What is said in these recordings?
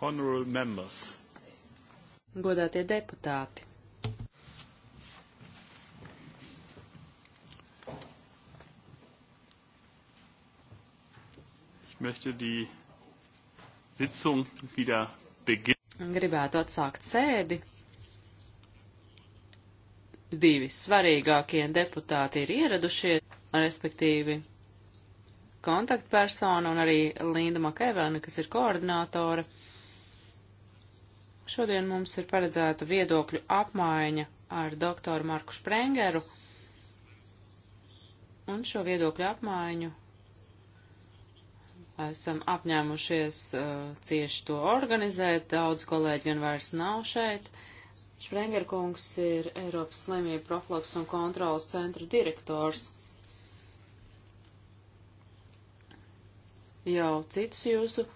honorable members. Godātie deputāti. Ich möchte die Sitzung wieder beginnen. Gribētu atsākt sēdi. Divi svarīgākie deputāti ir ieradušies, respektīvi kontaktpersona un arī Linda Makevena, kas ir koordinātora. Uh, Šodien mums ir paredzēta viedokļu apmaiņa ar doktoru Marku Šprengeru, un šo viedokļu apmaiņu esam apņēmušies uh, cieši to organizēt, daudz kolēģi gan vairs nav šeit. Šprengerkungs ir Eiropas slimību profilaks un kontrolas centra direktors. Jau citus jūsu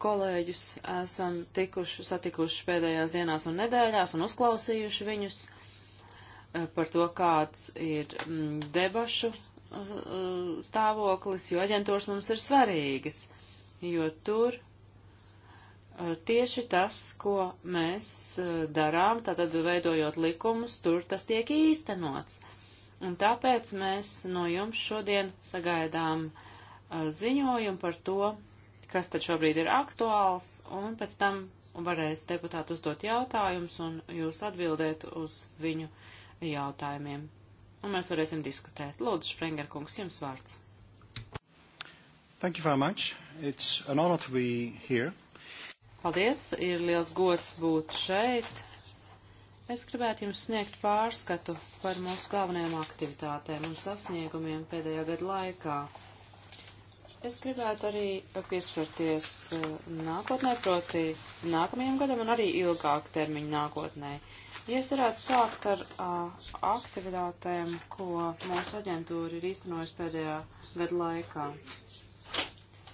kolēģus esam tikuši, satikuši pēdējās dienās un nedēļās un uzklausījuši viņus eh, par to, kāds ir mm, debašu eh, stāvoklis, jo aģentūras mums ir svarīgas, jo tur eh, tieši tas, ko mēs darām, tātad veidojot likumus, tur tas tiek īstenots. Un tāpēc mēs no jums šodien sagaidām ziņojumu par to, kas tad šobrīd ir aktuāls, un pēc tam varēs deputāti uzdot jautājumus, un jūs atbildēt uz viņu jautājumiem. Un mēs varēsim diskutēt. Lūdzu, Sprenger kungs, jums vārds. Thank you very much. It's an honor to be here. Paldies, ir liels gods būt šeit. Es gribētu jums sniegt pārskatu par mūsu galvenajām aktivitātēm un sasniegumiem pēdējā gada laikā. Es gribētu arī pieskarties eh, nākotnē, proti nākamajam gadam un arī ilgāk termiņu nākotnē. Ja es varētu sākt ar eh, aktivitātēm, ko mūsu aģentūra ir īstenojusi pēdējā gada laikā.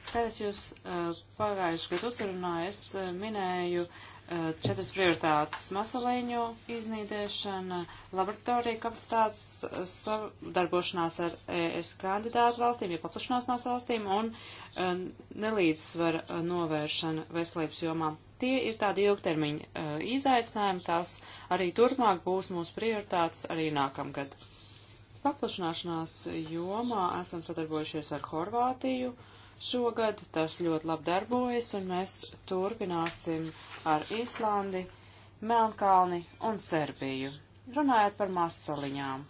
Kad es jūs eh, pagājuši gadu uzrunāju, es minēju uh, Eh, četras prioritātes - masaliņu iznīdēšana, laboratorija kapacitātes eh, sadarbošanās ar ES kandidātu valstīm, ja paplašanāsnās valstīm un eh, nelīdzsvara novēršana veselības jomā. Tie ir tādi ilgtermiņa izaicinājumi, tās arī turpmāk būs mūsu prioritātes arī nākamgad. Paplašanāšanās jomā esam sadarbojušies ar Horvātiju. Uh, šogad. Tas ļoti labi darbojas, un mēs turpināsim ar Īslandi, Melnkalni un Serbiju. Runājot par masaliņām.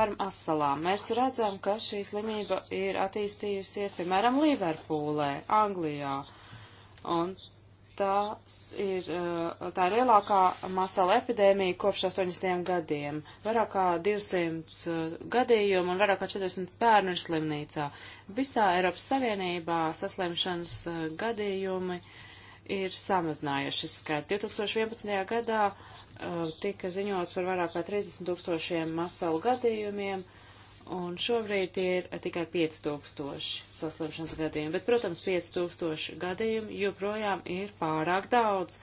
Par masalām. Mēs redzam, ka šī slimība ir attīstījusies, piemēram, Liverpūlē, Anglijā. Un Tās ir, eh, tā ir lielākā masala epidēmija kopš 80 gadiem. Vairāk kā 200 eh, gadījumu un vairāk kā 40 bērnu ir slimnīcā. Visā Eiropas Savienībā saslimšanas eh, gadījumi ir samazinājušies skaits. 2011. gadā tika ziņots par vairāk kā 30 tūkstošiem masalu gadījumiem. Uh, un šobrīd ir tikai 5000 saslimšanas gadījumi, bet, protams, 5000 gadījumi joprojām ir pārāk daudz.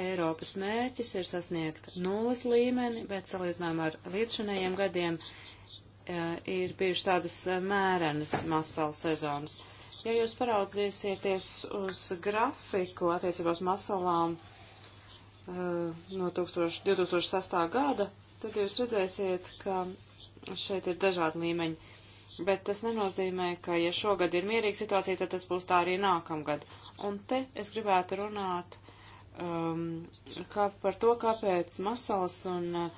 Eiropas mērķis ir sasniegt nulles līmeni, bet salīdzinājumā ar līdzšanējiem gadiem e, ir bijušas tādas e, mērenas masalu sezonas. Ja jūs paraudzīsieties uz grafiku attiecībā uz masalām e, no 2008. gada, tad jūs redzēsiet, ka Šeit ir dažādi līmeņi. Bet tas nenozīmē, ka ja šogad ir mierīga situācija, tad tas būs tā arī nākamgad. Un te es gribētu runāt um, kā par to, kāpēc masals un uh,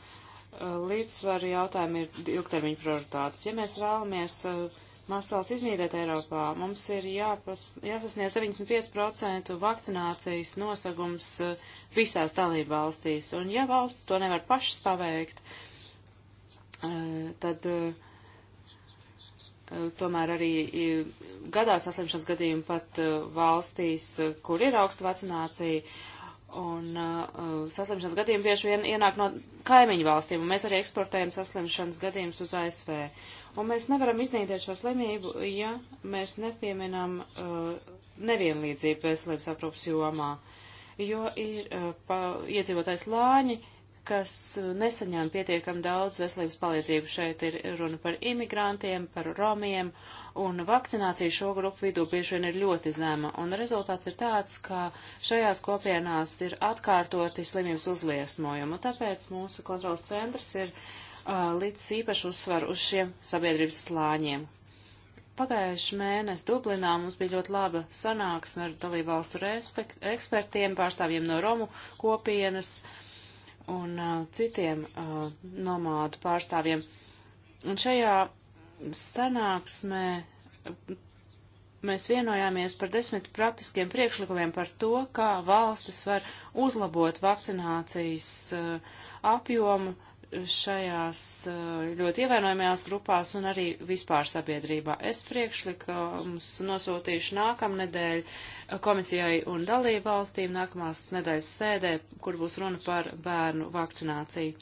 līdzsvaru jautājumi ir ilgtermiņa prioritātes. Ja mēs vēlamies uh, masals iznīdēt Eiropā, mums ir jāpas, jāsasniedz 95% vakcinācijas nosagums uh, visās dalībvalstīs. Un ja valsts to nevar pašas paveikt, uh, Eh, tad eh, tomēr arī eh, gadās saslimšanas gadījumi pat valstīs, kur ir augsta vacinācija, un saslimšanas gadījumi bieži vien ienāk no kaimiņu valstīm, un mēs arī eksportējam saslimšanas gadījumus uz ASV. Un mēs nevaram iznīdēt šo slimību, ja mēs nepieminam nevienlīdzību veselības aprūpas jomā, jo ir pa, iedzīvotājs lāņi, kas uh, nesaņēma pietiekam daudz veselības palīdzību. Šeit ir runa par imigrantiem, par romiem, un vakcinācija šo grupu vidū bieži vien ir ļoti zema. Un rezultāts ir tāds, ka šajās kopienās ir atkārtoti slimības uzliesmojumi, un tāpēc mūsu kontrolas centrs ir uh, līdz īpašu uzsvaru uz šiem sabiedrības slāņiem. Pagājuši mēnesi Dublinā mums bija ļoti laba sanāksme ar dalībvalstu ekspertiem, pārstāvjiem no Romu kopienas, uh, un uh, citiem uh, nomādu pārstāvjiem. Un šajā sanāksmē mēs vienojāmies par desmit praktiskiem priekšlikumiem par to, kā valstis var uzlabot vakcinācijas uh, apjomu šajās eh, ļoti ievērojamajās grupās un arī vispār sabiedrībā. Es priekšlikumus nosūtīšu nākamnedēļ komisijai un dalību valstīm nākamās nedēļas sēdē, kur būs runa par bērnu vakcināciju.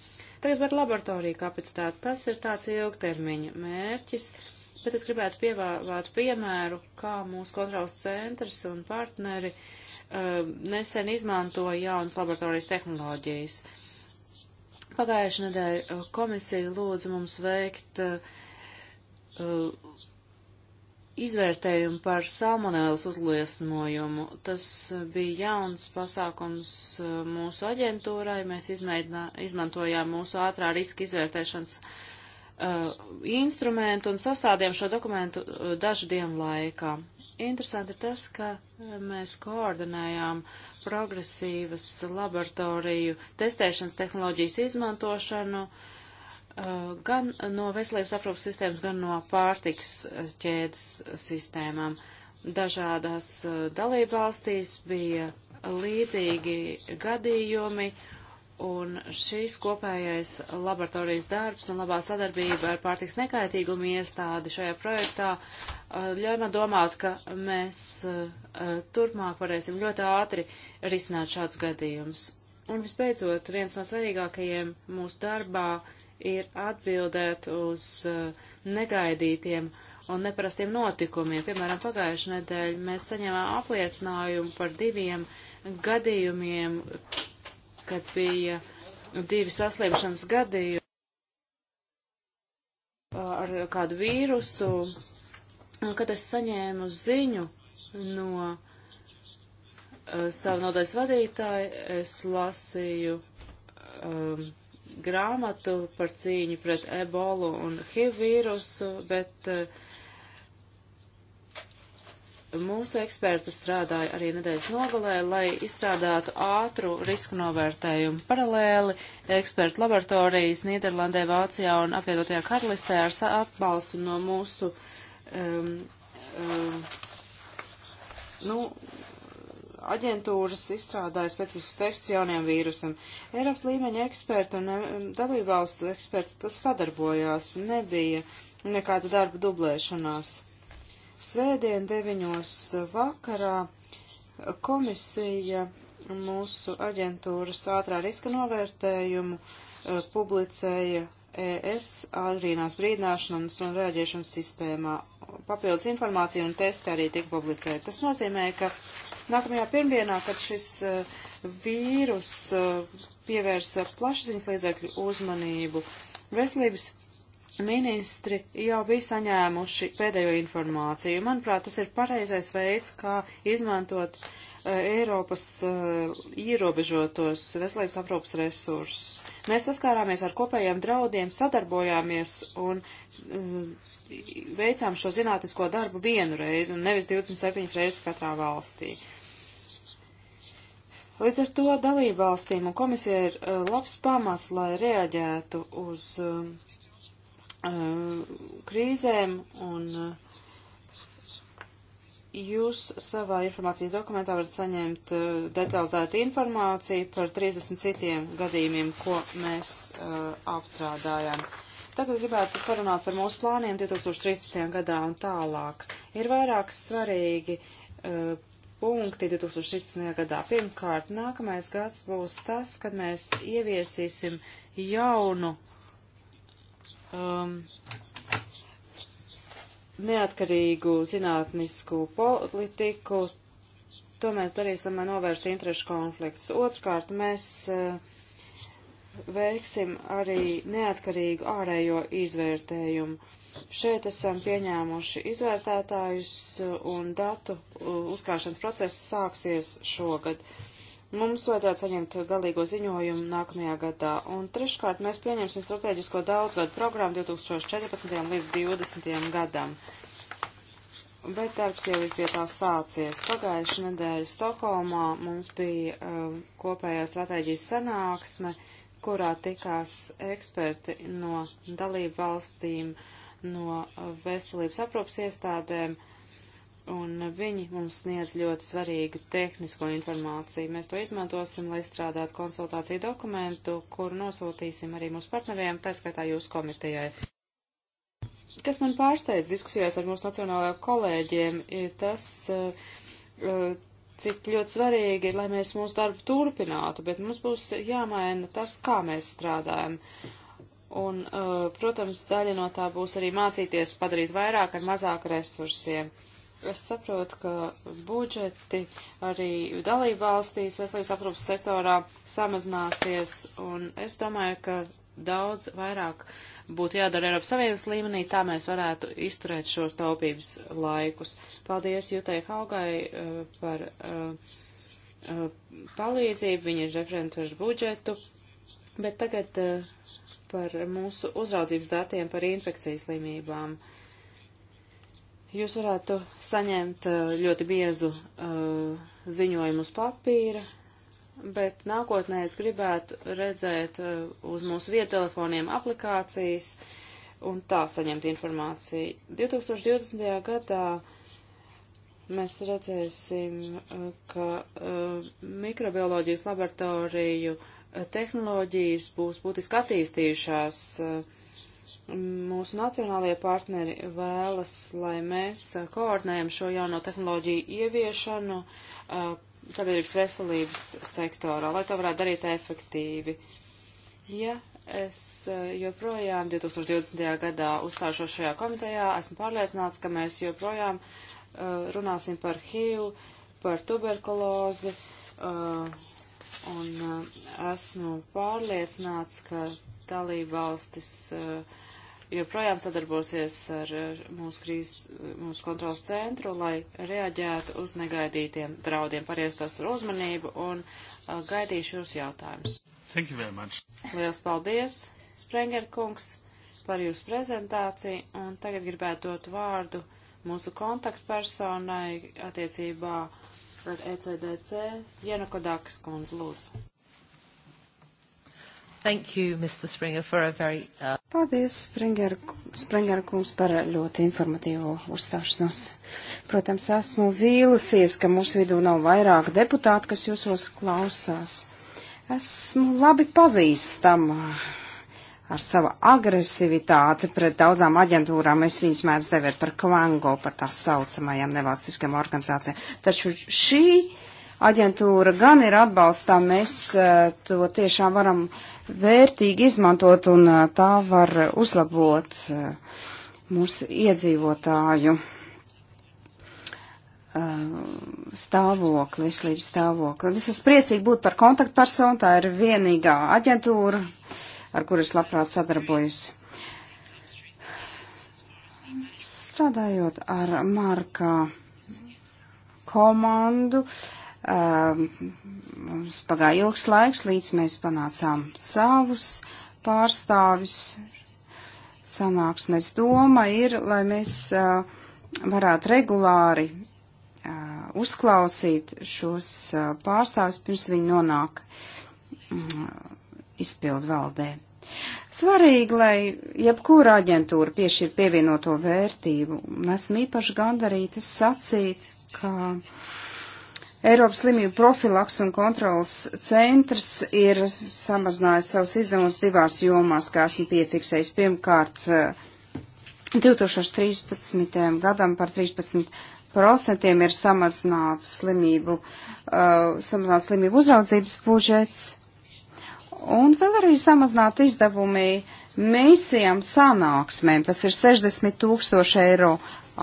Tagad par laboratoriju kapacitāti. Tas ir tāds ilgtermiņa mērķis, bet es gribētu pievāvāt piemēru, kā mūsu kontrols centrs un partneri uh, nesen izmantoja jaunas laboratorijas tehnoloģijas. Uh, Pagājušajā nedēļā uh, komisija lūdza mums veikt uh, uh, izvērtējumu par salmonēlas uzliesmojumu. Tas uh, bija jauns pasākums mūsu aģentūrai. Mēs izmantojām mūsu ātrā riska izvērtēšanas uh, uh, instrumentu un sastādījām šo dokumentu uh, dažu dienu laikā. Interesanti ir tas, ka uh, mēs koordinējām progresīvas laboratoriju testēšanas tehnoloģijas izmantošanu uh, gan no veselības aprūpas sistēmas, gan no pārtiks ķēdes sistēmām. Dažādās uh, dalībvalstīs bija līdzīgi gadījumi, uh, Un šīs kopējais laboratorijas darbs un labā sadarbība ar pārtiks nekaitīgumu iestādi šajā projektā eh, ļauj man domāt, ka mēs eh, turpmāk varēsim ļoti ātri risināt šādus gadījumus. Un visbeidzot, viens no svarīgākajiem mūsu darbā ir atbildēt uz eh, negaidītiem un neparastiem notikumiem. Piemēram, pagājušajā nedēļā mēs saņēmām apliecinājumu par diviem gadījumiem, kad bija divi saslimšanas gadījumi ar kādu vīrusu, un kad es saņēmu ziņu no uh, savu nodaļas vadītāju, es lasīju um, grāmatu par cīņu pret ebolu un HIV vīrusu, bet uh, Mūsu eksperti strādāja arī nedēļas nogalē, lai izstrādātu ātru risku novērtējumu. Paralēli ekspertu laboratorijas Nīderlandē, Vācijā un apvienotajā karalistē ar atbalstu no mūsu um, um, nu, aģentūras izstrādāja specifiskus tekstus jauniem vīrusam. Eiropas līmeņa eksperti un um, dalībvalsts eksperts tas sadarbojās, nebija nekāda darba dublēšanās. Svētdien 9. vakarā komisija mūsu aģentūras ātrā riska novērtējumu eh, publicēja ES agrīnās brīdināšanas un rēģēšanas sistēmā. Papildus informācija un testi arī tika publicēti. Tas nozīmē, ka nākamajā pirmdienā, kad šis eh, vīrus eh, pievērsa plašsaziņas līdzekļu uzmanību, veselības ministri jau bija saņēmuši pēdējo informāciju. Manuprāt, tas ir pareizais veids, kā izmantot uh, Eiropas uh, ierobežotos veselības aprūpas resursus. Mēs saskārāmies ar kopējiem draudiem, sadarbojāmies un uh, veicām šo zinātnisko darbu vienu reizi un nevis 27 reizes katrā valstī. Līdz ar to dalībvalstīm un komisija ir labs pamats, lai reaģētu uz uh, Uh, krīzēm un uh, jūs savā informācijas dokumentā varat saņemt uh, detalizētu informāciju par 30 citiem gadījumiem, ko mēs uh, apstrādājam. Tagad gribētu parunāt par mūsu plāniem 2013. gadā un tālāk. Ir vairāk svarīgi uh, punkti 2016. gadā. Pirmkārt, nākamais gads būs tas, kad mēs ieviesīsim jaunu um, neatkarīgu zinātnisku politiku. To mēs darīsim, lai novērstu interešu konfliktus. Otrkārt, mēs uh, veiksim arī neatkarīgu ārējo izvērtējumu. Šeit esam pieņēmuši izvērtētājus uh, un datu uh, uzkrāšanas process sāksies šogad. Uh, Mums vajadzētu saņemt galīgo ziņojumu nākamajā gadā. Un treškārt, mēs pieņemsim strateģisko daudzgadu programmu 2014. līdz 2020. gadam. Bet darbs jau ir pie tā sācies. Pagājuši nedēļa Stokholmā mums bija uh, kopējā strateģijas sanāksme, kurā tikās eksperti no dalību valstīm, no uh, veselības aprūpas iestādēm, uh, un viņi mums sniedz ļoti svarīgu tehnisko informāciju. Mēs to izmantosim, lai izstrādātu konsultāciju dokumentu, kuru nosūtīsim arī mūsu partneriem, tā skaitā jūsu komitejai. Kas man pārsteidz diskusijās ar mūsu nacionālajiem kolēģiem, ir tas, eh, eh, cik ļoti svarīgi ir, lai mēs mūsu darbu turpinātu, bet mums būs jāmaina tas, kā mēs strādājam. Un, eh, protams, daļa no tā būs arī mācīties padarīt vairāk ar mazāk resursiem. Uh, Es saprotu, ka budžeti arī dalībvalstīs veselības aprūpas sektorā samazināsies, un es domāju, ka daudz vairāk būtu jādara Eiropas Savienības līmenī, tā mēs varētu izturēt šos taupības laikus. Paldies Jutai Haugai uh, par uh, uh, palīdzību, viņa ir referenta ar budžetu, bet tagad par mūsu uzraudzības datiem par infekcijas slimībām. Uh, Jūs varētu saņemt uh, ļoti biezu uh, ziņojumu uz papīra, bet nākotnē es gribētu redzēt uh, uz mūsu viedtelefoniem aplikācijas un tā saņemt informāciju. 2020. gadā mēs redzēsim, uh, ka uh, mikrobioloģijas laboratoriju uh, tehnoloģijas būs būtiski attīstījušās. Uh, mūsu nacionālajie partneri vēlas, lai mēs uh, koordinējam šo jauno tehnoloģiju ieviešanu uh, sabiedrības veselības sektorā, lai to varētu darīt efektīvi. Ja es uh, joprojām 2020. gadā uzstāšos šajā komitejā, esmu pārliecināts, ka mēs joprojām runāsim par HIV, par tuberkulozi, un esmu pārliecināts, ka dalība valstis uh, joprojām sadarbosies ar mūsu krīzes, mūsu kontrols centru, lai reaģētu uz negaidītiem draudiem. Pareiz tas ar uzmanību un uh, gaidīšu jūs jautājumus. Thank you very much. Lielas paldies, Sprenger kungs, par jūsu prezentāciju un tagad gribētu dot vārdu mūsu kontaktpersonai attiecībā ar ECDC Jenokodakas kundze lūdzu. Thank you, Mr. Springer, for a very... Uh... Paldies, Springer, Springer kungs, par ļoti informatīvo uzstāšanos. Protams, esmu vīlusies, ka mūsu vidū nav vairāk deputātu, kas jūsos klausās. Esmu labi pazīstama uh, ar savu agresivitāti pret daudzām aģentūrām. Es viņas mēdz devēt par kvango, par tā saucamajām nevalstiskajām organizācijām. Taču šī aģentūra gan ir atbalstā, mēs uh, to tiešām varam vērtīgi izmantot un tā var uzlabot mūsu iedzīvotāju stāvokli, veselības stāvokli. Un es esmu priecīgi būt par kontaktpersonu, tā ir vienīgā aģentūra, ar kuras labprāt sadarbojos. Strādājot ar Marka komandu, uh, Ehm, mums pagāja ilgs laiks, līdz mēs panācām savus pārstāvis. Sanāksmes doma ir, lai mēs eh, varētu regulāri eh, uzklausīt šos eh, pārstāvis, pirms viņi nonāk mm, izpildu valdē. Svarīgi, lai jebkura aģentūra piešķir pievienoto vērtību, un esmu īpaši gandarītas sacīt, ka uh, Eiropas slimību profilaks un kontrols centrs ir samazinājis savus izdevumus divās jomās, kā esmu piefiksējis. Pirmkārt, 2013. Eh, gadam par 13 procentiem ir samazināts slimību, uh, samazināts slimību uzraudzības budžets. Un vēl arī samazināt izdevumi misijām sanāksmēm. Tas ir 60 tūkstoši eiro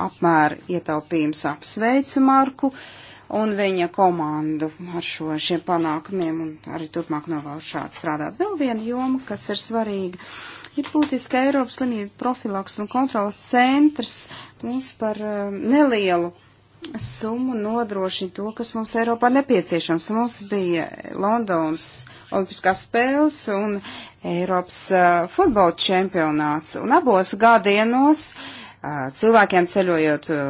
apmēra ietaupījums apsveicu Marku. Uh, un viņa komandu ar šo, šiem panākumiem un arī turpmāk novēlu šādi strādāt. Vēl viena joma, kas ir svarīga, ir būtiski Eiropas slimību profilaks un kontrolas centrs mums par um, nelielu summu nodrošina to, kas mums Eiropā nepieciešams. Mums bija Londonas Olimpiskās spēles un Eiropas uh, futbola čempionāts un abos gadienos uh, cilvēkiem ceļojot uh,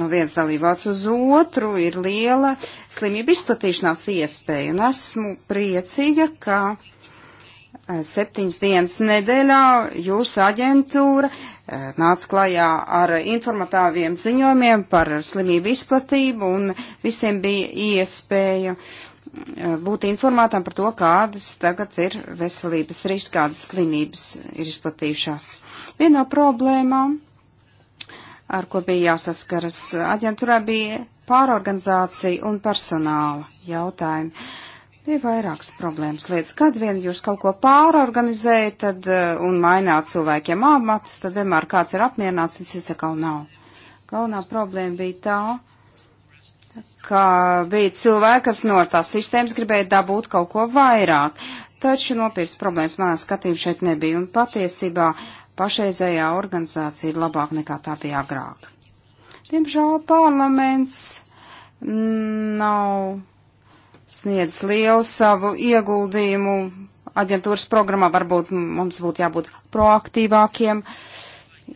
no vienas dalībās uz otru, ir liela slimību izplatīšanās iespēja. Un esmu priecīga, ka uh, septiņas dienas nedēļā jūsu aģentūra uh, nāca klajā ar informatīviem ziņojumiem par slimību izplatību un visiem bija iespēja uh, Eh, būt informētām par to, kādas tagad ir veselības riski, kādas slimības ir izplatījušās. Viena no problēmām, ar ko bija jāsaskaras aģentūrā, bija pārorganizācija un personāla jautājumi. Ir vairākas problēmas lietas. Kad vien jūs kaut ko pārorganizējat tad, eh, un maināt cilvēkiem amatus, tad vienmēr kāds ir apmierināts un cits atkal nav. Galvenā problēma bija tā, ka bija cilvēki, kas no tās sistēmas gribēja dabūt kaut ko vairāk. Taču nopietnas problēmas manā skatījumā šeit nebija, un patiesībā pašreizējā organizācija ir labāka nekā tā bija agrāk. Diemžēl parlaments mm, nav sniedz lielu savu ieguldījumu aģentūras programmā, varbūt mums būtu jābūt proaktīvākiem. Uh,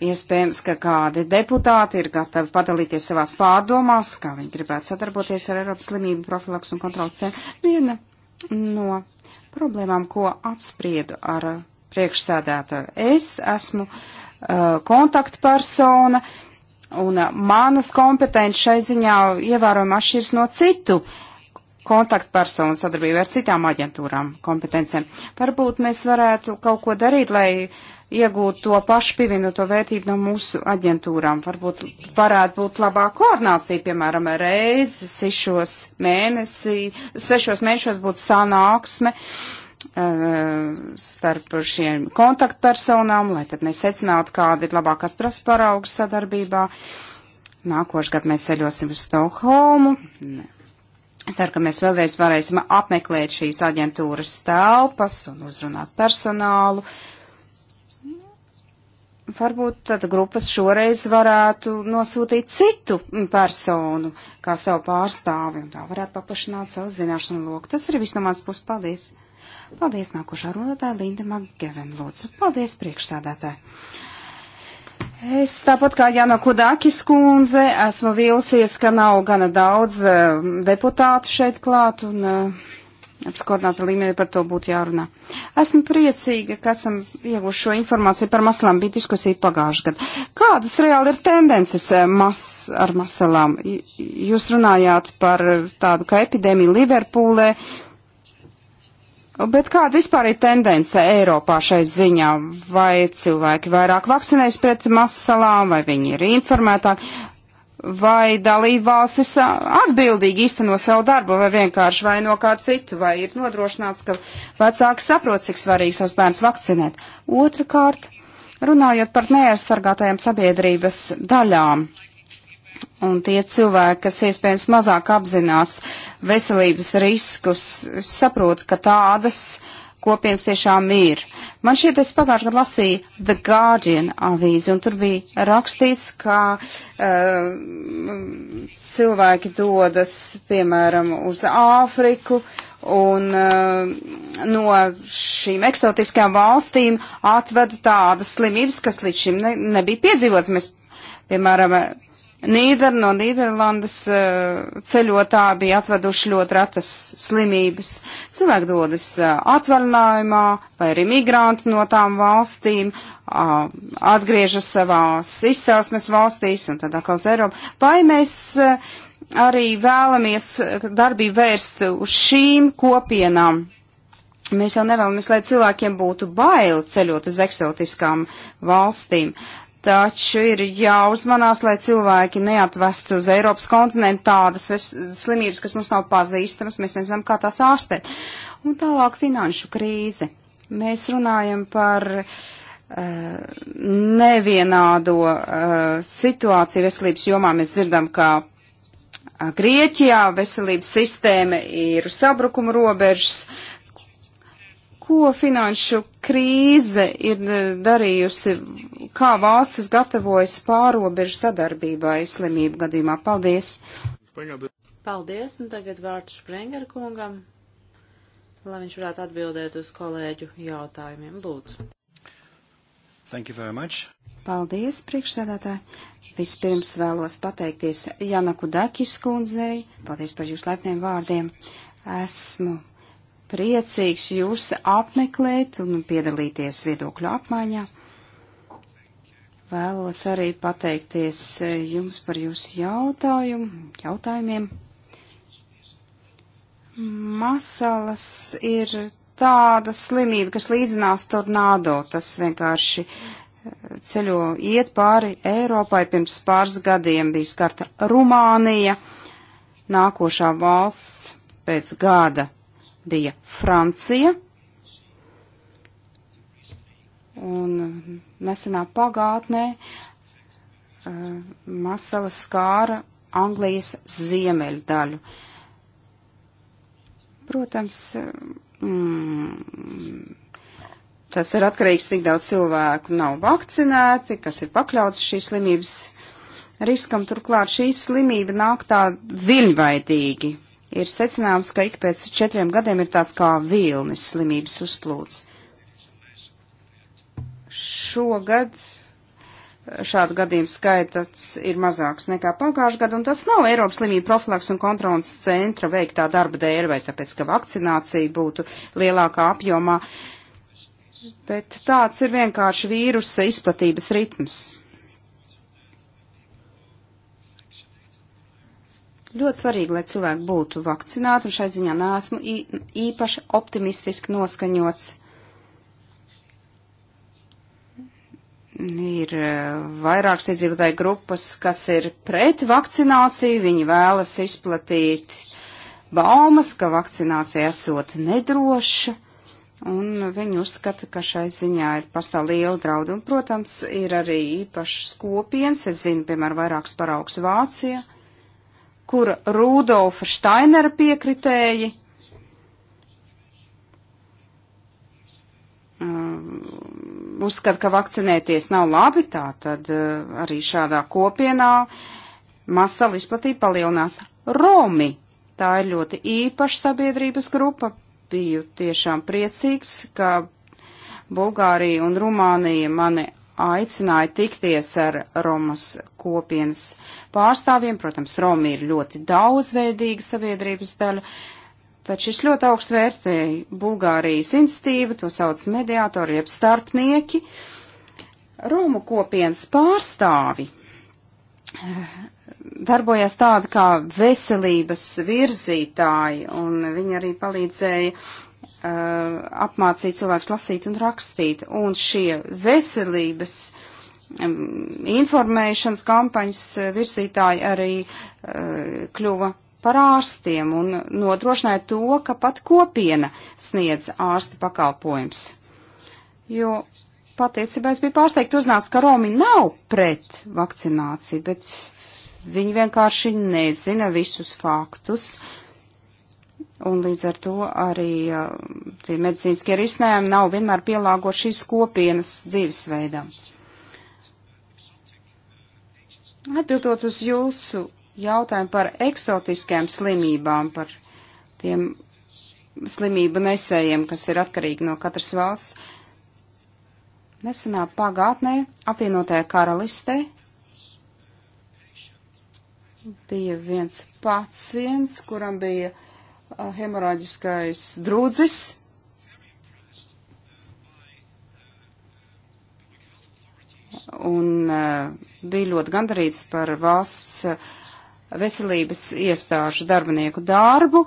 Iespējams, ka kādi deputāti ir gatavi padalīties savās pārdomās, kā viņi gribētu sadarboties ar Eiropas slimību profilaks un kontrolas centru. Viena no problēmām, ko apspriedu ar priekšsēdētāju, es esmu uh, kontaktpersona un uh, manas kompetences šai ziņā ievērojami atšķiras no citu kontaktpersonu sadarbību ar citām aģentūrām kompetencēm. Varbūt mēs varētu kaut ko darīt, lai uh, iegūt to pašu pievienoto vērtību no mūsu aģentūrām. Varbūt varētu būt labā koordinācija, piemēram, reizes sešos mēnesī, sešos mēnešos būtu sanāksme eh, starp šiem kontaktpersonām, lai tad mēs secinātu, kāda ir labākās prasa paraugs sadarbībā. Nākošu gadu mēs ceļosim uz Stokholmu. Ceru, ka mēs vēlreiz varēsim apmeklēt šīs aģentūras telpas un uzrunāt personālu, uh, varbūt tad grupas šoreiz varētu nosūtīt citu personu kā savu pārstāvi, un tā varētu paplašināt savu zināšanu loku. Tas arī viss no mans puses. Paldies! Paldies nākošā runātāja Linda Maggeven, lūdzu. Paldies priekšsādātāji! Es tāpat kā Jana Kudakis kundze esmu vīlusies, ka nav gana daudz eh, deputātu šeit klāt, un uh, koordinātora līmenī par to būtu jārunā. Esmu priecīga, ka esam ieguvuši šo informāciju par maslām, bija diskusija pagājušajā gadā. Kādas reāli ir tendences eh, mas, ar masalām? Jūs runājāt par tādu kā epidēmiju Liverpūlē, bet kāda vispār ir tendence Eiropā šai ziņā? Vai cilvēki vairāk vakcinējas pret masalām, vai viņi ir informētāki? vai dalībvalstis atbildīgi īsteno savu darbu, vai vienkārši vai no kā citu, vai ir nodrošināts, ka vecāki saprot, cik svarīgi savus bērnus vakcinēt. Otrakārt, runājot par neaizsargātajām sabiedrības daļām. Un tie cilvēki, kas iespējams mazāk apzinās veselības riskus, saprot, ka tādas uh, kopienas tiešām ir. Man šķiet, es pagājušajā gadā lasīju The Guardian avīzi, un tur bija rakstīts, ka uh, cilvēki dodas, piemēram, uz Āfriku, un uh, no šīm eksotiskajām valstīm atveda tādas slimības, kas līdz šim ne, nebija piedzīvotas. Mēs, piemēram, Nīder no Nīderlandes eh, ceļotā bija atveduši ļoti retas slimības. Cilvēki dodas eh, atvaļinājumā vai ir imigranti no tām valstīm, eh, atgriežas savās izcelsmes valstīs un tad atkal uz Eiropu. Vai mēs arī vēlamies darbību vērst uz šīm kopienām? Mēs jau nevēlamies, lai cilvēkiem būtu baili ceļot uz eksotiskām valstīm. Uh, Taču ir jāuzmanās, lai cilvēki neatvestu uz Eiropas kontinentu tādas slimības, kas mums nav pazīstamas, mēs nezinām, kā tās ārstēt. Un tālāk finanšu krīze. Mēs runājam par uh, nevienādo uh, situāciju veselības jomā. Mēs dzirdam, ka eh, Grieķijā veselības sistēma ir sabrukuma robežas, Ko finanšu krīze ir e, darījusi, kā valstis gatavojas pārobežu sadarbībai slimību gadījumā? Paldies! Paldies, un tagad vārds Sprenger kungam, lai viņš varētu atbildēt uz kolēģu jautājumiem. Lūdzu! Thank you very much. Paldies, priekšsēdētāji. Vispirms vēlos pateikties Janaku Dakis kundzei. Paldies par jūsu laipniem vārdiem. Esmu priecīgs jūs apmeklēt un piedalīties viedokļu apmaiņā. Vēlos arī pateikties eh, jums par jūsu jautājumu, jautājumiem. Masalas ir tāda slimība, kas līdzinās tornādo. Tas vienkārši eh, ceļo iet pāri Eiropai. Pirms pāris gadiem bija skarta Rumānija, nākošā valsts pēc gada bija Francija. Un nesenā pagātnē uh, masala skāra Anglijas ziemeļu daļu. Protams, eh, mm, tas ir atkarīgs, cik daudz cilvēku nav vakcinēti, kas ir pakļauts šīs slimības riskam. Turklāt šī slimība nāk tā viļņveidīgi ir secināms, ka ik pēc četriem gadiem ir tāds kā vilnis slimības uzplūds. Šogad šādu gadījumu skaits ir mazāks nekā pagājušajā gadā, un tas nav Eiropas slimību profilaks un kontrolas centra veiktā darba dēļ, vai tāpēc, ka vakcinācija būtu lielākā apjomā, bet tāds ir vienkārši vīrusa izplatības ritms. Ļoti svarīgi, lai cilvēki būtu vakcināti, un šai ziņā neesmu īpaši optimistiski noskaņots. Ir e, vairākas iedzīvotāju grupas, kas ir pret vakcināciju, viņi vēlas izplatīt baumas, ka vakcinācija esot nedroša, un viņi uzskata, ka šai ziņā ir pastāv liela drauda, un, protams, ir arī īpašs kopiens, es zinu, piemēram, vairākas paraugs Vācija, kura Rudolfa Steinera piekritēji um, uzskata, ka vakcinēties nav labi, tā tad uh, arī šādā kopienā masāli izplatība palielinās. Romi, tā ir ļoti īpaša sabiedrības grupa, biju tiešām priecīgs, ka Bulgārija un Rumānija mani aicināja tikties ar Romas kopienas pārstāvjiem. Protams, Roma ir ļoti daudzveidīga sabiedrības daļa, taču es ļoti augstu vērtēju Bulgārijas institīvu, to sauc mediātori, jeb starpnieki. Roma kopienas pārstāvi eh, darbojās tāda kā veselības virzītāji, un viņi arī palīdzēja Uh, apmācīt cilvēkus lasīt un rakstīt. Un šie veselības um, informēšanas kampaņas virsītāji arī uh, kļuva par ārstiem un nodrošināja to, ka pat kopiena sniedz ārsta pakalpojums. Jo patiesībā es biju pārsteigta uznāca, ka Romi nav pret vakcināciju, bet viņi vienkārši nezina visus faktus Un līdz ar to arī tie medicīniskie risinājumi nav vienmēr pielāgo šīs kopienas dzīvesveidam. Atbildot uz jūsu jautājumu par eksotiskajām slimībām, par tiem slimību nesējiem, kas ir atkarīgi no katras valsts, nesenā pagātnē apvienotajā karalistē bija viens pacients, kuram bija hemorāģiskais drūdzis. Un bija ļoti gandarīts par valsts veselības iestāžu darbinieku darbu.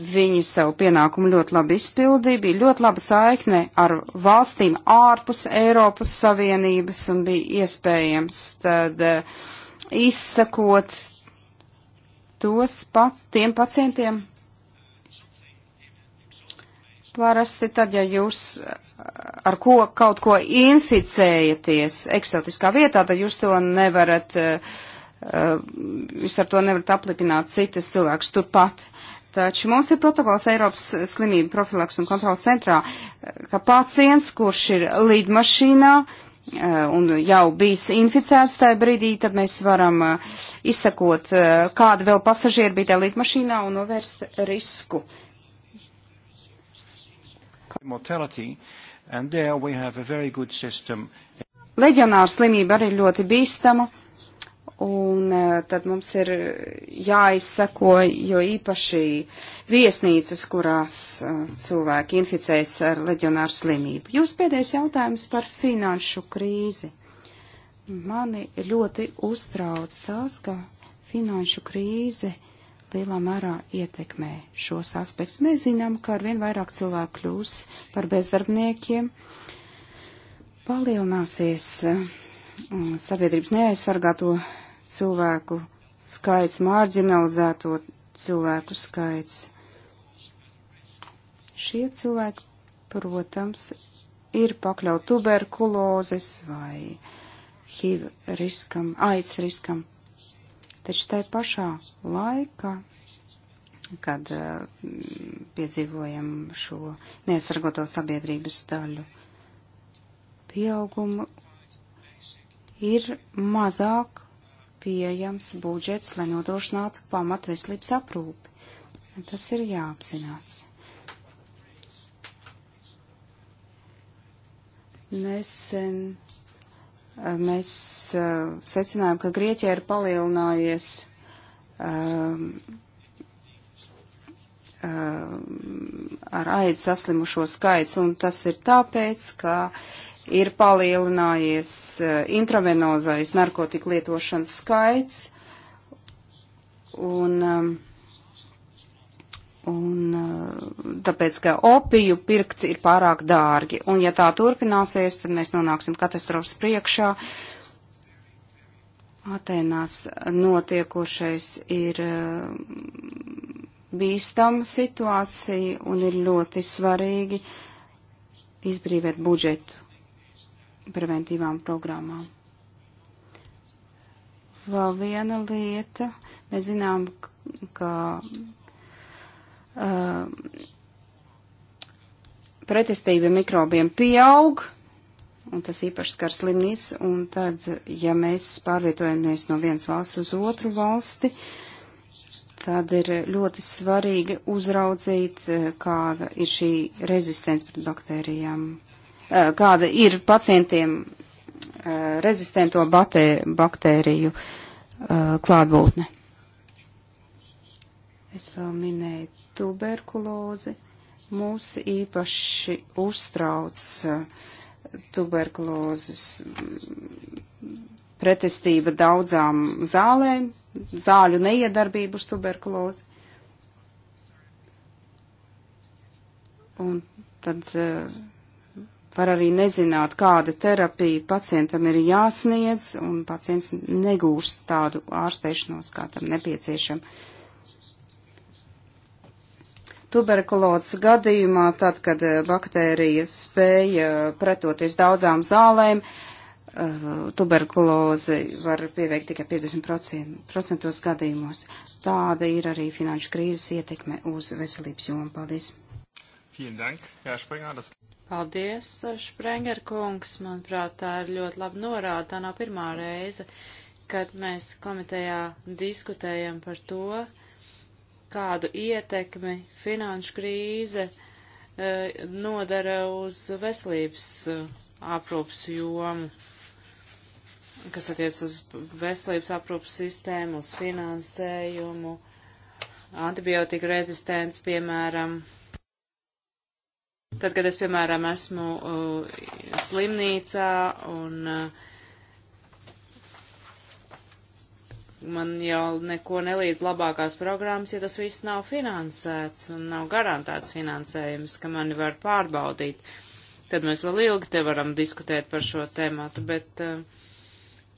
Viņi savu pienākumu ļoti labi izpildīja, bija ļoti laba saikne ar valstīm ārpus Eiropas Savienības un bija iespējams tad izsakot tos pats, tiem pacientiem, Parasti tad, ja jūs eh, ar ko kaut ko inficējaties eksotiskā vietā, tad jūs to nevarat, eh, eh, jūs ar to nevarat aplipināt citas cilvēkus turpat. Taču mums ir protokols Eiropas slimību profilaks un kontrolas centrā, ka pacients, kurš ir līdmašīnā un jau bijis inficēts tajā brīdī, tad mēs varam izsakot, kāda vēl pasažieri bija tajā līdmašīnā un novērst risku Mortality, and there we have a very good system. Leģionāra slimība arī ļoti bīstama, un e, tad mums ir jāizseko, jo īpaši viesnīcas, kurās e, cilvēki inficējas ar leģionāru slimību. Jūs pēdējais jautājums par finanšu krīzi. Mani ļoti uztrauc tas, ka finanšu krīze lielā mērā ietekmē šos aspektus. Mēs zinām, ka arvien vairāk cilvēku kļūs par bezdarbniekiem, palielināsies um, sabiedrības neaizsargāto cilvēku skaits, marginalizēto cilvēku skaits. Šie cilvēki, protams, ir pakļaut tuberkulozes vai HIV riskam, aids riskam Taču tai pašā laika, kad eh, piedzīvojam šo neaizsargoto sabiedrības daļu pieaugumu, ir mazāk pieejams budžets, lai nodrošinātu pamat veselības aprūpi. Tas ir jāapzinās. Nesen mēs secinājām, ka Grieķija ir palielinājies um, um, ar aids saslimušo skaits, un tas ir tāpēc, ka ir palielinājies intravenozais narkotiku lietošanas skaits, un um, Un uh, tāpēc, ka opiju pirkt ir pārāk dārgi. Un ja tā turpināsies, tad mēs nonāksim katastrofas priekšā. Atēnās notiekošais ir uh, bīstama situācija un ir ļoti svarīgi izbrīvēt budžetu preventīvām programmām. Vēl viena lieta. Mēs zinām, ka Um, pretestība mikrobiem pieaug, un tas īpaši skar slimnīcas, un tad, ja mēs pārvietojamies no vienas valsts uz otru valsti, tad ir ļoti svarīgi uzraudzīt, eh, kāda ir šī rezistence pret baktērijām, eh, kāda ir pacientiem eh, rezistento batē, baktēriju klātbūtne. Es vēl minēju tuberkulozi. Mūs īpaši uztrauc eh, tuberkulozes mm, pretestība daudzām zālēm, zāļu neiedarbību uz tuberkulozi. Un tad eh, var arī nezināt, kāda terapija pacientam ir jāsniedz, un pacients negūst tādu ārsteišanos, kā tam nepieciešama tuberkulotas gadījumā, tad, kad eh, baktērijas spēja pretoties daudzām zālēm, eh, tuberkulozi var pieveikt tikai 50% gadījumos. Tāda ir arī finanšu krīzes ietekme uz veselības jomu. Paldies! Paldies, eh, Sprenger kungs. Manuprāt, tā ir ļoti laba norāda. Tā nav pirmā reize, kad mēs komitejā diskutējam par to, kādu ietekmi finanšu krīze e, nodara uz veselības e, aprūpas jomu, kas attiec uz veselības aprūpas sistēmu, uz finansējumu, antibiotika rezistents, piemēram, Tad, kad es, piemēram, esmu uh, slimnīcā un uh, man jau neko nelīdz labākās programmas, ja tas viss nav finansēts un nav garantēts finansējums, ka mani var pārbaudīt. Tad mēs vēl ilgi te varam diskutēt par šo tēmatu, bet uh,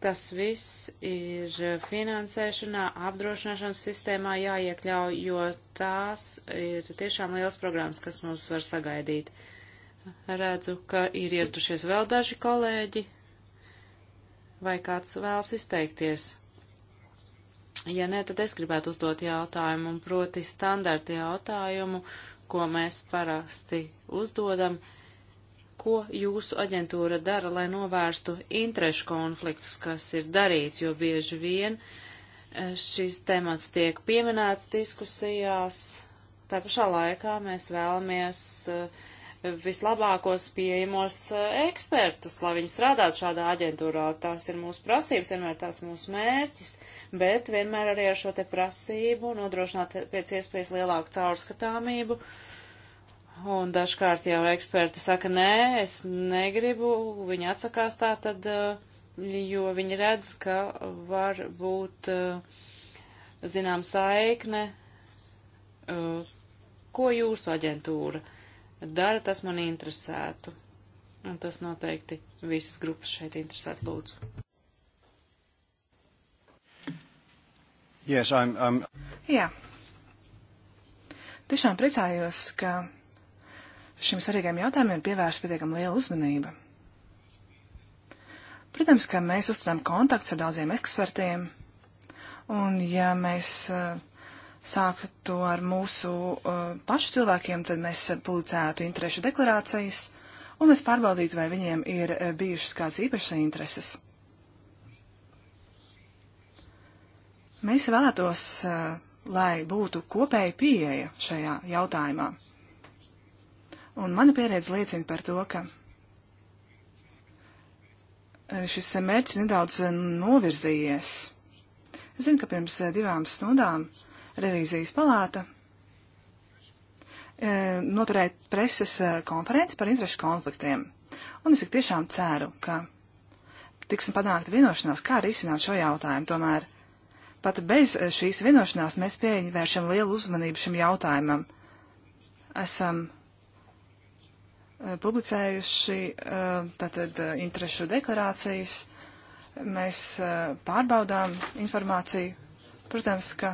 tas viss ir finansēšanā, apdrošināšanas sistēmā jāiekļauj, jo tās ir tiešām liels programmas, kas mums var sagaidīt. Redzu, ka ir ieradušies vēl daži kolēģi. Vai kāds vēlas izteikties? Ja nē, tad es gribētu uzdot jautājumu, un proti standarti jautājumu, ko mēs parasti uzdodam. Ko jūsu aģentūra dara, lai novērstu interešu konfliktus, kas ir darīts, jo bieži vien eh, šis temats tiek pieminēts diskusijās. Tā pašā laikā mēs vēlamies eh, vislabākos pieejamos eh, ekspertus, lai viņi strādātu šādā aģentūrā. Tās ir mūsu prasības, vienmēr tās mūsu mērķis. Uh, bet vienmēr arī ar šo te prasību nodrošināt pēc iespējas lielāku caurskatāmību. Un dažkārt jau eksperti saka, nē, es negribu, viņi atsakās tā tad, eh, jo viņi redz, ka var būt, eh, zinām, saikne, eh, ko jūsu aģentūra dara, tas man interesētu. Un tas noteikti visas grupas šeit interesētu lūdzu. Yes, I'm, I'm... Jā. Tiešām priecājos, ka šim svarīgiem jautājumiem pievērš pietiekam liela uzmanība. Protams, ka mēs uzturam kontaktus ar daudziem ekspertiem, un ja mēs uh, sāktu ar mūsu uh, pašu cilvēkiem, tad mēs publicētu interešu deklarācijas, un mēs pārbaudītu, vai viņiem ir uh, bijušas kādas īpašas intereses. Mēs vēlētos, lai būtu kopēja pieeja šajā jautājumā. Un mana pieredze liecina par to, ka šis mērķis nedaudz novirzījies. Es zinu, ka pirms divām stundām revīzijas palāta noturēt preses konferenci par interešu konfliktiem. Un es tiešām ceru, ka tiksim panākt vienošanās, kā risināt šo jautājumu. Tomēr Pat bez eh, šīs vienošanās mēs pievēršam lielu uzmanību šim jautājumam. Esam eh, publicējuši eh, tātad interešu deklarācijas, mēs pārbaudām informāciju. Protams, ka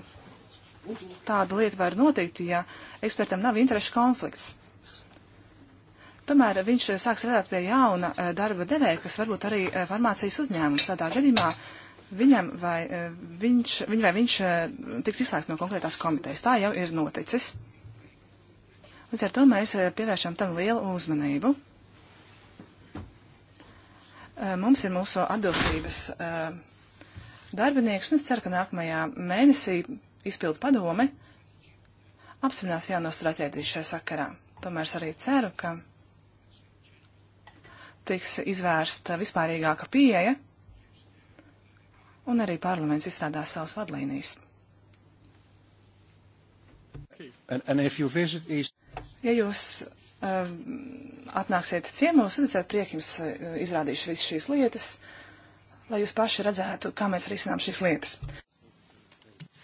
tāda lieta var notikt, ja ekspertam nav interešu konflikts. Tomēr viņš sāks strādāt pie jauna darba devēja, kas varbūt arī farmācijas uzņēmums. Tādā gadījumā viņam vai eh, viņš, viņ vai viņš eh, tiks izslēgts no konkrētās komitejas. Tā jau ir noticis. Līdz ar to mēs eh, pievēršam tam lielu uzmanību. Mums ir mūsu atbildības darbinieks, un es ceru, ka nākamajā mēnesī izpildu padome apstiprinās jauno strateģiju šajā sakarā. Tomēr es arī ceru, ka tiks izvērsta vispārīgāka pieeja un arī parlaments izstrādās savas vadlīnijas. And, and visit... Ja jūs uh, atnāksiet ciemos, tad es ar prieku jums uh, izrādīšu visas šīs lietas, lai jūs paši redzētu, kā mēs risinām šīs lietas.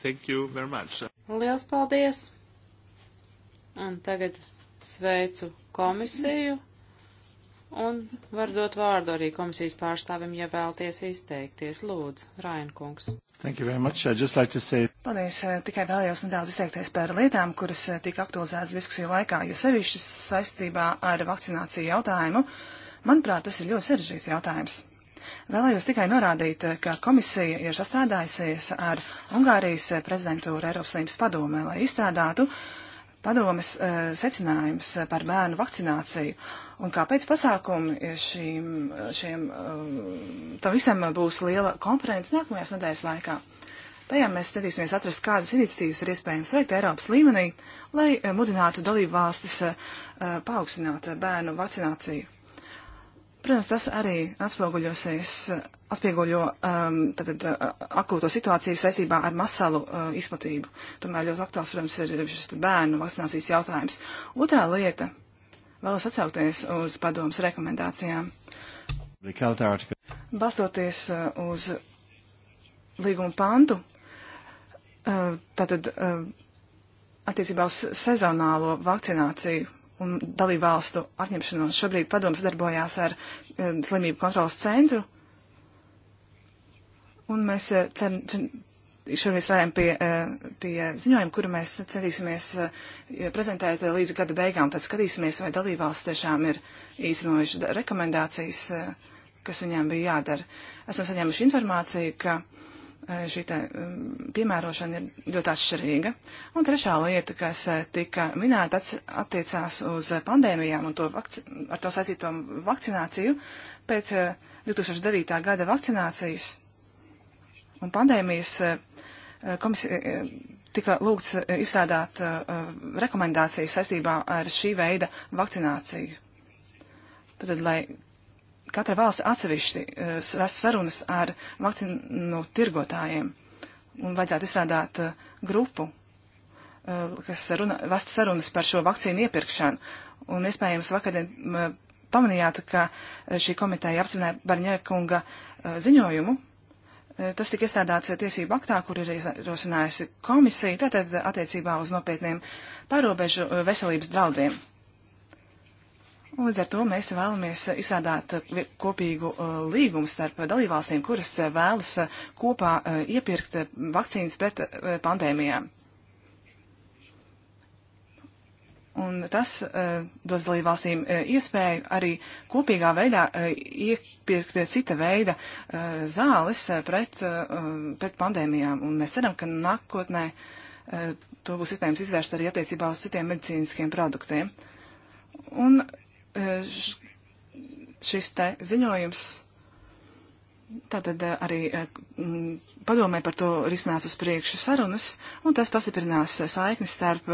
Thank you very much. Liels paldies! Un tagad sveicu komisiju. Mm -hmm un var dot vārdu arī komisijas pārstāvim, ja vēlties izteikties. Lūdzu, Rainkungs. Thank you very much. I'd just like to say. Paldies. Eh, tikai vēlējos nedaudz izteikties par lietām, kuras eh, tika aktualizētas diskusiju laikā, jo sevišķi saistībā ar vakcināciju jautājumu. Manuprāt, tas ir ļoti sarežģīts jautājums. Vēlējos tikai norādīt, eh, ka komisija ir sastrādājusies ar Ungārijas prezidentūru Eiropas Savienības padomē, lai izstrādātu padomes secinājumus par bērnu vakcināciju Un kāpēc pasākumi šīm, šiem, um, tam visam būs liela konferences nākamajās nedēļas laikā? Tajā mēs centīsimies atrast, kādas iniciatīvas ir iespējams veikt Eiropas līmenī, lai eh, mudinātu dalību valstis eh, eh, paaugstināt bērnu vakcināciju. Protams, tas arī atspoguļosies, atspieguļo um, tātad, akūto situāciju saistībā ar masalu uh, izplatību. Tomēr ļoti aktuāls, protams, ir šis bērnu vakcinācijas jautājums. Otrā lieta vēlos atsaukties uz padomus rekomendācijām. Basoties uh, uz līguma pantu, uh, tātad uh, attiecībā uz sezonālo vakcināciju un dalībvalstu apņemšanos šobrīd padoms darbojās ar slimību kontrolas centru, un mēs cer, cer, šobrīd strādājam pie, eh, pie ziņojuma, kuru mēs centīsimies eh, prezentēt līdz gada beigām. Tad skatīsimies, vai dalībvalsts tiešām ir īstenojuši rekomendācijas, eh, kas viņām bija jādara. Esam saņēmuši informāciju, ka šī tā, mm, piemērošana ir ļoti atšķirīga. Un trešā lieta, kas tika minēta, attiecās uz pandēmijām un to ar to saistīto vakcināciju. Pēc 2009. gada vakcinācijas un pandēmijas Eh, komisija eh, eh, tika lūgts izstrādāt rekomendācijas saistībā ar šī veida vakcināciju. Tad, lai katra valsts atsevišķi vestu sarunas ar vakcinu tirgotājiem un vajadzētu izstrādāt grupu, kas saruna, vestu sarunas par šo vakcīnu iepirkšanu. Un iespējams vakardien pamanījāt, ka šī komiteja apsvināja Barņēkunga ziņojumu Eh, tas tika iestādāts tiesību aktā, kur ir ierosinājusi komisija, tātad attiecībā uz nopietniem pārobežu eh, veselības draudiem. Līdz ar to mēs vēlamies izstrādāt kopīgu eh, līgumu starp dalībvalstīm, kuras vēlas kopā iepirkt vakcīnas pret pandēmijām. Un tas uh, dos dalībvalstīm uh, iespēju arī kopīgā veidā uh, iepirkt cita veida uh, zāles uh, pret, uh, pret pandēmijām. Un mēs ceram, ka nākotnē uh, to būs iespējams izvērst arī attiecībā uz citiem medicīniskiem produktiem. Un uh, š, šis te ziņojums Tātad eh, arī eh, padomē par to risinās uz priekšu sarunas, un tas pastiprinās eh, saikni starp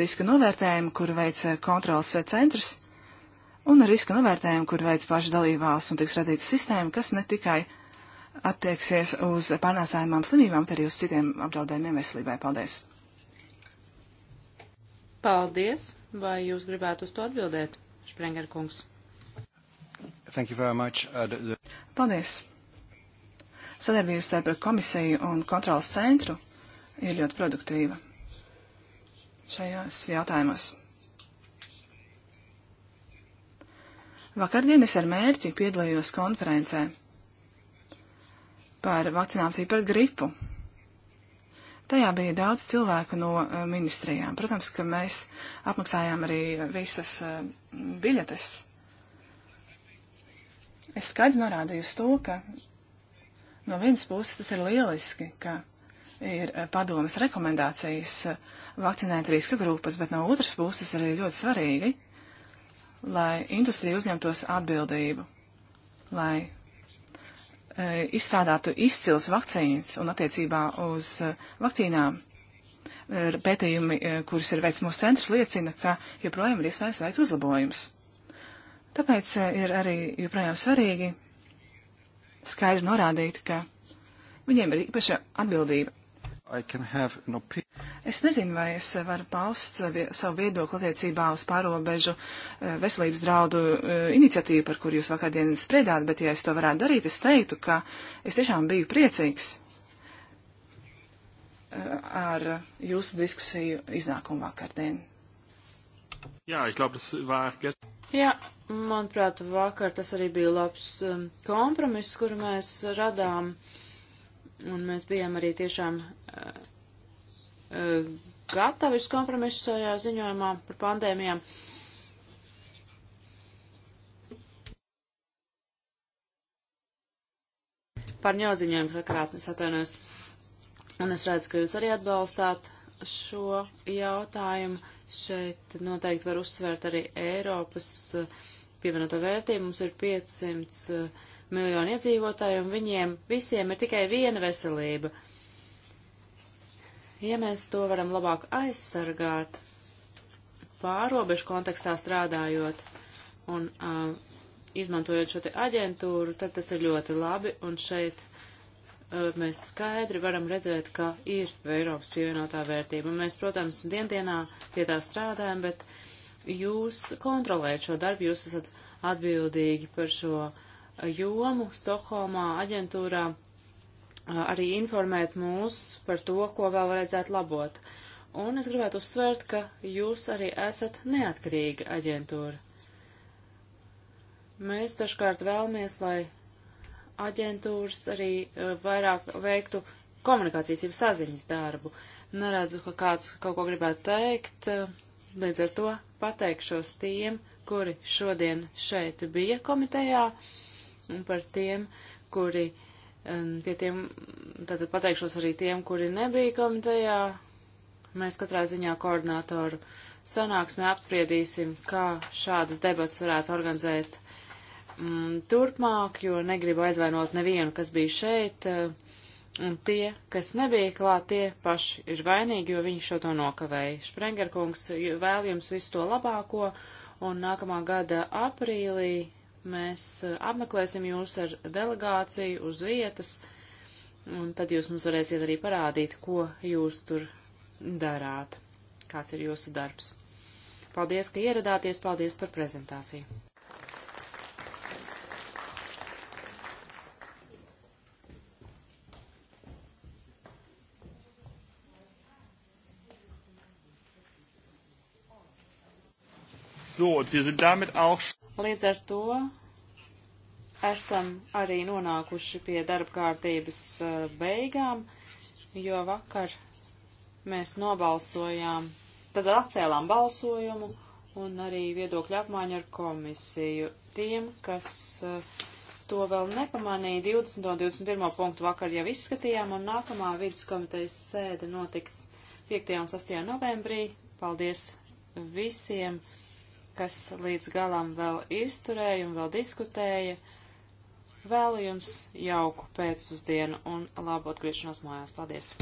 riska novērtējumu, kur veic kontrols centrs, un riska novērtējumu, kur veic paši dalībās, un tiks radīta sistēma, kas ne tikai attieksies uz pārnēsājumām slimībām, bet arī uz citiem apdraudējumiem veselībai. Paldies! Paldies! Vai jūs gribētu uz to atbildēt, Sprenger kungs? Thank you very much. Uh, the... Paldies! sadarbības starp komisiju un kontrolas centru ir ļoti produktīva šajās jautājumos. Vakardien es ar mērķi piedalījos konferencē par vakcināciju pret gripu. Tajā bija daudz cilvēku no eh, ministrijām. Protams, ka mēs apmaksājām arī visas eh, biļetes. Es skaidri norādīju uz to, ka No vienas puses tas ir lieliski, ka ir eh, padomas rekomendācijas eh, vakcinēt riska grupas, bet no otras puses arī ļoti svarīgi, lai industrija uzņemtos atbildību, lai e, izstrādātu izcils vakcīnas un attiecībā uz vakcīnām er, pētījumi, kurus ir veids mūsu centrs, liecina, ka joprojām ir iespējas veids uzlabojums. Tāpēc ir arī joprojām svarīgi skaidri norādīt, ka viņiem ir īpaša atbildība. Es nezinu, vai es varu paust savu viedokli attiecībā uz pārobežu eh, veselības draudu eh, iniciatīvu, par kuru jūs vakardien spriedāt, bet ja es to varētu darīt, es teiktu, ka es tiešām biju priecīgs eh, ar jūsu diskusiju iznākumu vakardien. Jā, ich glaube, das war gestern. Jā, manuprāt, vakar tas arī bija labs um, kompromiss, kuru mēs radām, un mēs bijām arī tiešām uh, uh, gatavi uz kompromisu šajā ziņojumā par pandēmijām. Par ņauziņojumu sakrātnes atvainojos. Un es redzu, ka jūs arī atbalstāt šo jautājumu Šeit noteikti var uzsvērt arī Eiropas eh, pievienoto vērtību. Mums ir 500 eh, miljoni iedzīvotāji, un viņiem visiem ir tikai viena veselība. Ja mēs to varam labāk aizsargāt, pārobežu kontekstā strādājot un uh, izmantojot šo te aģentūru, tad tas ir ļoti labi, un šeit mēs skaidri varam redzēt, ka ir Eiropas pievienotā vērtība. Un mēs, protams, diendienā pie tā strādājam, bet jūs kontrolējat šo darbu, jūs esat atbildīgi par šo jomu Stokholmā aģentūrā arī informēt mūs par to, ko vēl vajadzētu labot. Un es gribētu uzsvērt, ka jūs arī esat neatkarīga aģentūra. Mēs dažkārt vēlamies, lai aģentūras arī eh, vairāk veiktu komunikācijas, jau saziņas darbu. Neredzu, ka kāds kaut ko gribētu teikt, eh, līdz ar to pateikšos tiem, kuri šodien šeit bija komitejā, un par tiem, kuri eh, pie tiem, tātad pateikšos arī tiem, kuri nebija komitejā. Mēs katrā ziņā koordinātoru sanāksmē apspriedīsim, kā šādas debats varētu organizēt uh, mm, turpmāk, jo negribu aizvainot nevienu, kas bija šeit, eh, un tie, kas nebija klāt, tie paši ir vainīgi, jo viņi šo to nokavēja. Šprengerkungs vēl jums visu to labāko, un nākamā gada aprīlī mēs eh, apmeklēsim jūs ar delegāciju uz vietas, un tad jūs mums varēsiet arī parādīt, ko jūs tur darāt, kāds ir jūsu darbs. Paldies, ka ieradāties, paldies par prezentāciju. So, wir sind damit auch. Līdz ar to esam arī nonākuši pie darba kārtības eh, beigām, jo vakar mēs nobalsojām, tad atcēlām balsojumu un arī viedokļu apmaiņu ar komisiju. Tiem, kas eh, to vēl nepamanīja, 20. un 21. punktu vakar jau izskatījām, un nākamā viduskomitejas sēde notiks 5. un 6. novembrī. Paldies visiem! kas līdz galam vēl izturēja un vēl diskutēja. Vēlu jums jauku pēcpusdienu un labu atgriešanos mājās. Paldies!